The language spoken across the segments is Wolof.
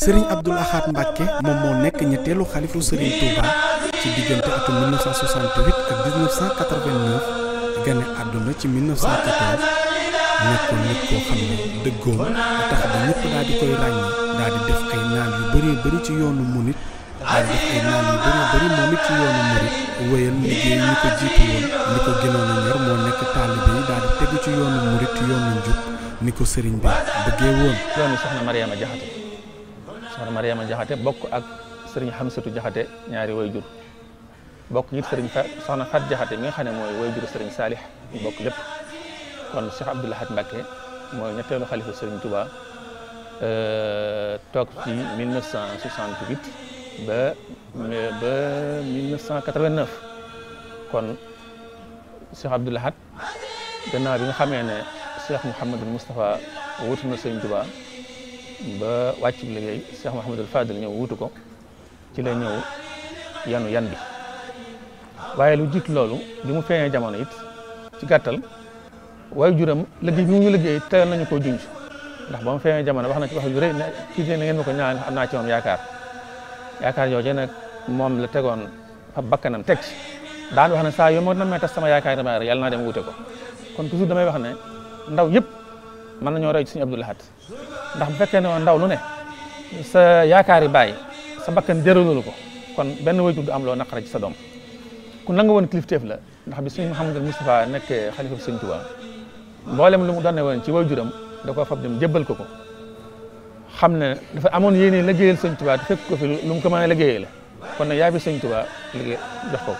sëriñ Abdoul Ahad Mbacke moom moo nekk ñetteelu xalifu sëriñ Touba ci diggante atum 1968 ak 1989 gane àdduna ci 1914 nekkoon nit koo xam ne dëggoon tax ba ñëpp daal di koy ràññee daal di def ay naan yu bëree bëri ci yoonu murit daal di def ay yu bëree bëri moom ci yoonu murit wéyal liggéey ñi ko jiitu woon li ko gënoon a ñor moo nekk taalibe yi daal di tegu ci yoonu murit yoonu njub ni ko sëriñ bi bëggee woon. soxna Mariama Jaxate bokk ak sëriñ Xamsatu Jaxate ñaari wayjur jur bokk it sëriñ fa soxna Fat Jaxate mi nga xam moy wayjur way jur sëriñ Saalix bokk lépp kon Cheikh Abdoul Ahad Mbacké moy ñettelu khalifa sëriñ Touba euh tok ci 1968 ba ba 1989 kon Cheikh Abdoul Ahad gannaaw bi nga xamee ne Cheikh Mouhamadou Mustafa wutuna na sëriñ Touba ba wàccu liggéey Cheikh Mouhamadul Fadil ñëw wutu ko ci la ñëw yanu yan bi waaye lu jiit loolu bi mu feeñee jamono it ci gàttal waaye juram liggéey bi mu ñu liggéey teel nañu koo junj ndax ba mu feeñee jamono wax na ci wax ju rëy ne kii ne ko ñaan am naa ci moom yaakaar yaakaar nag moom la tegoon fa bakkanam teg ci daan wax ne saa yoo ma na may tas sama yaakaar dama rek yàlla dem wute ko kon toujours damay wax ne ndaw yëpp mën nañoo roy ci Sëriñ Abdou Lahad ndax bu fekkee ne woon ndaw lu ne sa yaakaar yi bàyyi sa mbakkan jëralul ko kon benn wayjur du am loo naqara ci sa doom ku nangu woon kilifteef la ndax bi xam nga Mouhamadou Moustapha nekkee xalifa bi Sëñ Tuubaa mboolem lu mu doon ne woon ci wayjuram da koo fab dem jébbal ko ko xam ne dafa amoon yéene liggéeyal Sëñ Tuubaa te fekk ko fi lu mu ko mën a liggéeyee la kon nag yaa fi Sëñ Tuubaa jox ko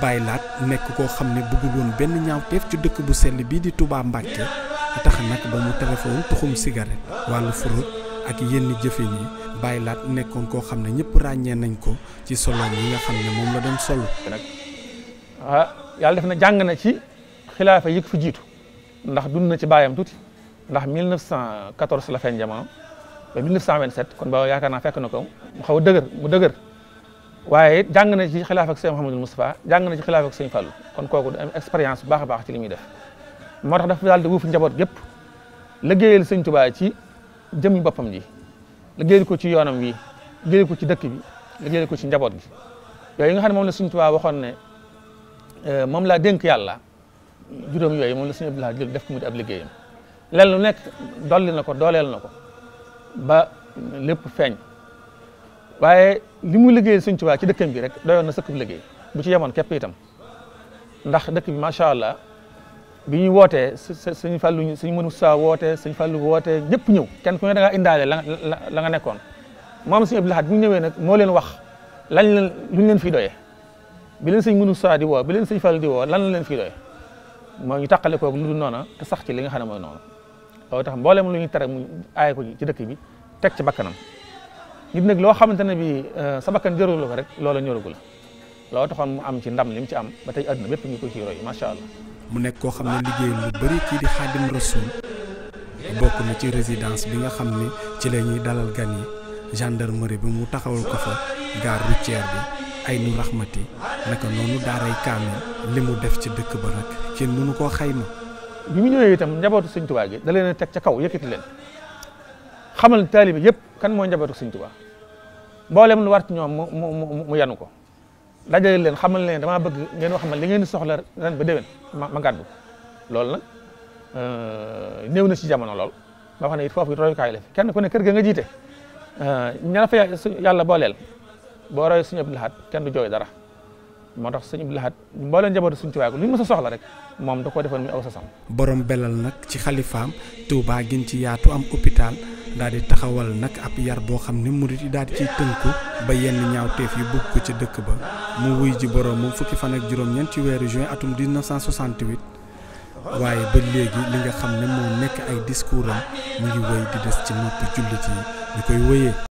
Baye Laat nekk koo xam ne bëggul woon benn ñaawteef ci dëkk bu sell bii di Touba Mbacke tax nag ba mu téléphone tuxum cigarette wàllu furut ak yenn jëfin yi bàyyi laat nekkoon koo xam ne ñëpp ràññee nañ ko ci solo yi nga xam ne moom la doon solo. nag ah yàlla def na jàng na ci xilaafa yi fi jiitu ndax dund na ci baayam tuuti ndax 1914 la feeñ jamono ba 1927 kon ba yaakaar naa fekk na ko a dëgër dëgër waaye jàng na ci xilaafa ak sëñ Mouhamadul jàng na ci xilaafa kon kooku du expérience bu baax a baax ci li muy def. moo tax def daal de wuuf njaboot gépp liggéeyal sëñ Tuubaa ci jëmmi boppam ji liggéeyal ko ci yoonam wi liggéeyal ko ci dëkk bi liggéeyal ko ci njaboot gi yooyu nga xam ne moom la sëñ Tuubaa waxoon ne euh, moom laa dénk yàlla juróom yooyu moom la sëñ Abdoul Ahad jël def ko mu di ab liggéeyam lenn lu nekk dolli na ko dooleel na ko ba lépp feeñ waaye li muy liggéeyal sëñ Tuubaa ci dëkkam bi rek doyoon na sëkk bi liggéey bu ci yemoon képp itam ndax dëkk bi ñuy wootee suñu ñu suñu mënu saa wootee suñu fàllu wootee ñëpp ñëw kenn ku ne da ngaa indaale la la nga nekkoon moom suñu Abdou Lahad bu ñu ñëwee nag moo leen wax lañ leen luñ leen fiy doyee bi leen suñ mënu saa di woo bi leen suñ fàllu di woo lan la leen fiy doyee moo ñu tàqale koog lu dul noona te sax ci li nga xam ne mooy noonu loolu tax mboolem lu ñu tere mu aaye ko ci dëkk bi teg ci bakkanam nit nag loo xamante ne bi euh, sa bakkan jërul ko rek loola ñoragul loo taxoon mu am ci ndam ci am ba ngi ko ci roy allah. mu lu di xaadim rasul bokk na ci résidence bi nga xam ci la dalal gani, yi gendarmerie bi mu taxawal ko fa gare routière bi ay nu raxmati naka noonu daaray kaamil li def ci dëkk ba nag kenn mënu koo xayma. bi mu ñëwee itam gi da kaw leen xamal yëpp kan mooy njabootu sëñ tubaa mboolem lu war ci mu mu mu ko. dajale leen xamal leen damaa bëgg ngeen wax ma li ngeen di soxla ren ba déwén ma ma gàddu loolu nag euh, néew na ci jamono lool ma wax ne it foofu royukaay la fi kenn ku ne kër ga nga jiite euh, ña la fa yàlla booleel boo roy suñu Abdul Ahad kenn du jooy dara moo tax suñu Abdul Ahad mbooleen njabootu suñu Tuubaa lu ñu mës a soxla rek moom da ko defoon muy aw sa sam borom belal nag ci xalifaam Tuubaa gin ci yaatu am hôpital daal di taxawal nag ab yar boo xam ne murit yi daal di ciy ko ba yenn ñaawteef yi bugg ko ca dëkk ba mu wuy ji borom mu fukki fan ak juróom-ñeent ci weeru juin atum 1968 waaye ba léegi li nga xam ne moo nekk ay discours am mu ngi wéy di des ci noppi jullit yi ñu koy wéyee.